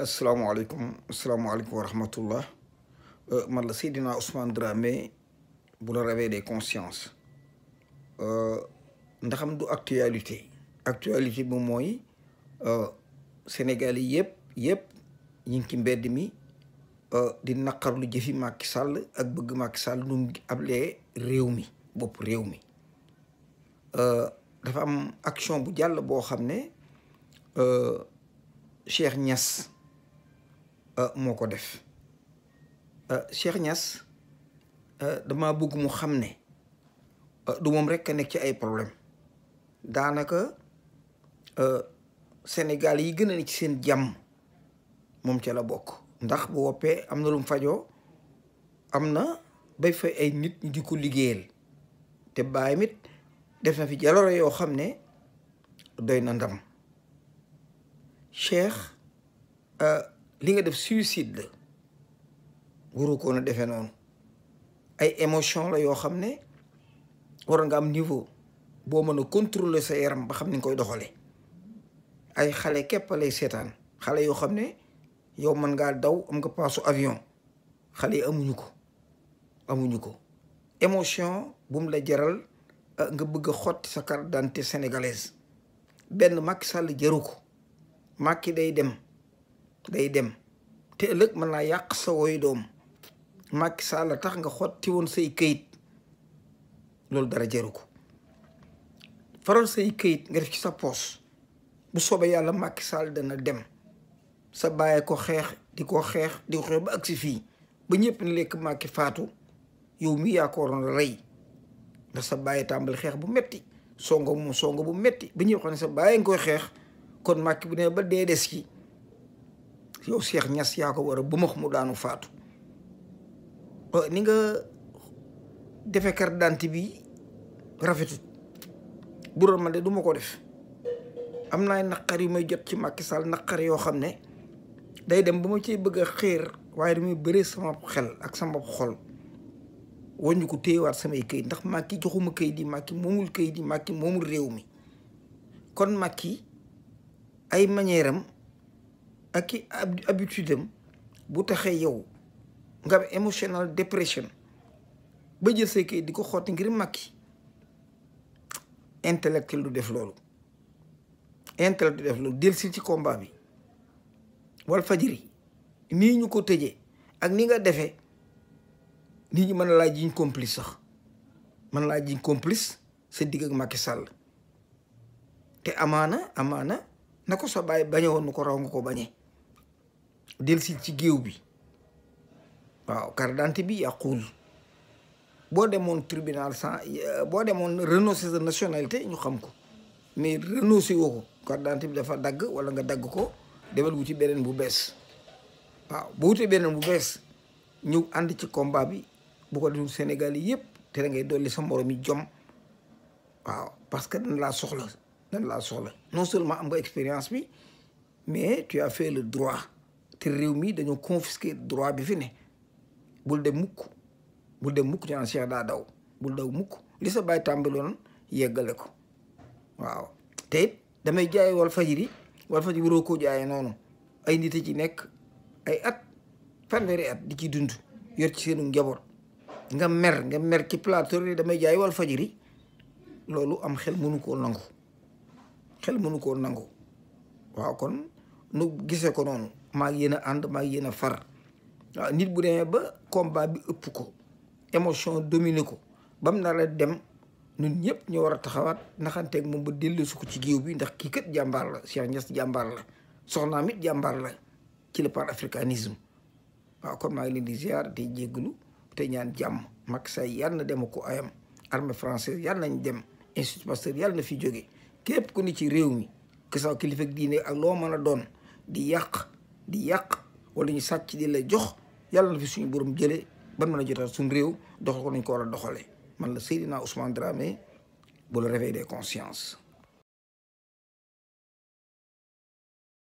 asalaamaaleykum asalaamaaleykum wa rahmatullah euh, man la Seydina Ousmane Dramé bu la réveil des consciences euh, ndaxam du actualité actualité bi mooy euh, Sénégal yi yëpp yëpp ñu ngi ci mbedd mi di naqarlu jëfi Macky Sall ak bëgg Macky Sall nu mu ablee réew mi bopp réew mi dafa am action bu jàll boo xam ne Cheikh Niass Euh, moo ko def euh, Cheikh ñas euh, dama bëgg mu xam ne du moom rek a nekk ci ay problème daanaka Sénégal yi gën a ne ci seen jàmm moom ca la bokk ndax bu woppee am na lu mu fajoo am na bay fay ay nit ñu di ko liggéeyal te bàyyi mit def na fi jaloore yoo xam ne doy na ndam Cheikh li nga def suicide la waru koon a defee noonu ay émotion la yoo xam ne war nga am niveau boo mën a contrôler sa yaram ba xam ni nga koy doxalee ay xale képp lay seetaan xale yoo xam ne yow mën ngaa daw am nga paasu avion xale yi amuñu ko amuñu ko émotion bu la jaral ah, nga bëgg a sa carte d'identité sénégalaise benn Macky Sall jaru ko Macky day dem day dem te ëllëg man naa yàq sa woy doom Macky Sall tax nga xotti woon say këyit loolu dara jaru ko faral say këyit nga def ci sa poos bu soobee yàlla Macky Sall dana dem sa bàyyee ko xeex di ko xeex di ko ba agsi fii ba ñëpp ni lekk Macky faatu yow mi yaa ko waroon rey ndax sa bàyyi tàmbali xeex bu metti songo moom songo bu metti ba ñëpp xam ne sa bàyyi nga koy xeex kon Macky bu ne ba dee des ci yow Cheikh ñas yaa ko war a bu max mu daanu faatu euh, ni nga defe carte d'identité bi rafetut bu doon man de du ko def am naa naqar yu may jot ci Macky Sall naqar yoo xam ne day dem ba ma ciy bëgg a xéer waaye damay bëree sama xel ak sama xol waññu ko téyewaat samay këyit ndax Macky joxuma këyit yi Macky moomul këyit yi Macky moomul réew mi kon Macky ay manière ak i habitude bu taxee yow nga am emotional depression ba jël say kayit di ko xotti ngir Macky intellectuel du def loolu intellectuel du def loolu del si ci combat bi wal fajiri nii ñu ko tëjee ak ni nga defee nit ñi mën laa jiiñ complice sax mën laa jiñ complice sa digg ak Macky Sall te amaana amaana na ko sa bàyyi bañe woon nu ko raw nga ko bañee dellusi ci géew bi waaw carte d'identité bi yàquwul boo demoon tribunal sans euh, boo demoon renoncer sa nationalité ñu xam ko mais renoncer woo ko carte d'identité bi dafa dagg wala nga dagg ko demal wuti beneen bu bees waaw boo wutee beneen bu bees ñëw ànd ci combat bi bu ko deful Sénégal yi yëpp te da ngay dolli sa morom yi jom waaw parce que dañ laa soxla dañ laa soxla non seulement am nga expérience bi mais tu as fait le droit te réew mii dañoo confisquer droit bi fi ne bul dem mukk bul dem mukk ñu naan Cheikh daa daw bul daw mukk li sa baay tàmbaloon yeggale ko waaw te it damay jaay wal fajiri wal fajiri waroo koo jaayee noonu ay nit a ci nekk ay at fanweeri at di ci dund yor ci seenu njaboot nga mer nga mer ci yi damay jaay wal fajiri loolu am xel mënu koo nangu xel mënu koo nangu waaw kon nu gisee ko noonu maa ngi yéen a ànd maa ngi yéen a far waaw nit bu demee ba combat bi ëpp ko émotion dominé ko ba mu nar a dem nun ñëpp ñu war a taxawaat naxanteeg moom ba dellusi ko ci géew bi ndax kii kat jàmbaar la Cheikh Niass jàmbaar la soxnaam it jàmbaar la ci le panafricanisme waaw kon maa ngi leen di ziar te jégglu te ñaan jàmm Macky Sall yàlla na dem ko ayam armée française yàlla nañ dem Institut Pasteur yàlla na fi jóge képp ku ni ci réew mi que sa kilifa diine ak loo mën a doon di yàq di yàq wala ñu sàcc di la jox yàlla na fi suñu borom jëlee ban mën a jotaat suñu réew doxal ko nañ ko war a doxalee man la Seydina Ousmane Dramé bu la réveil des consciences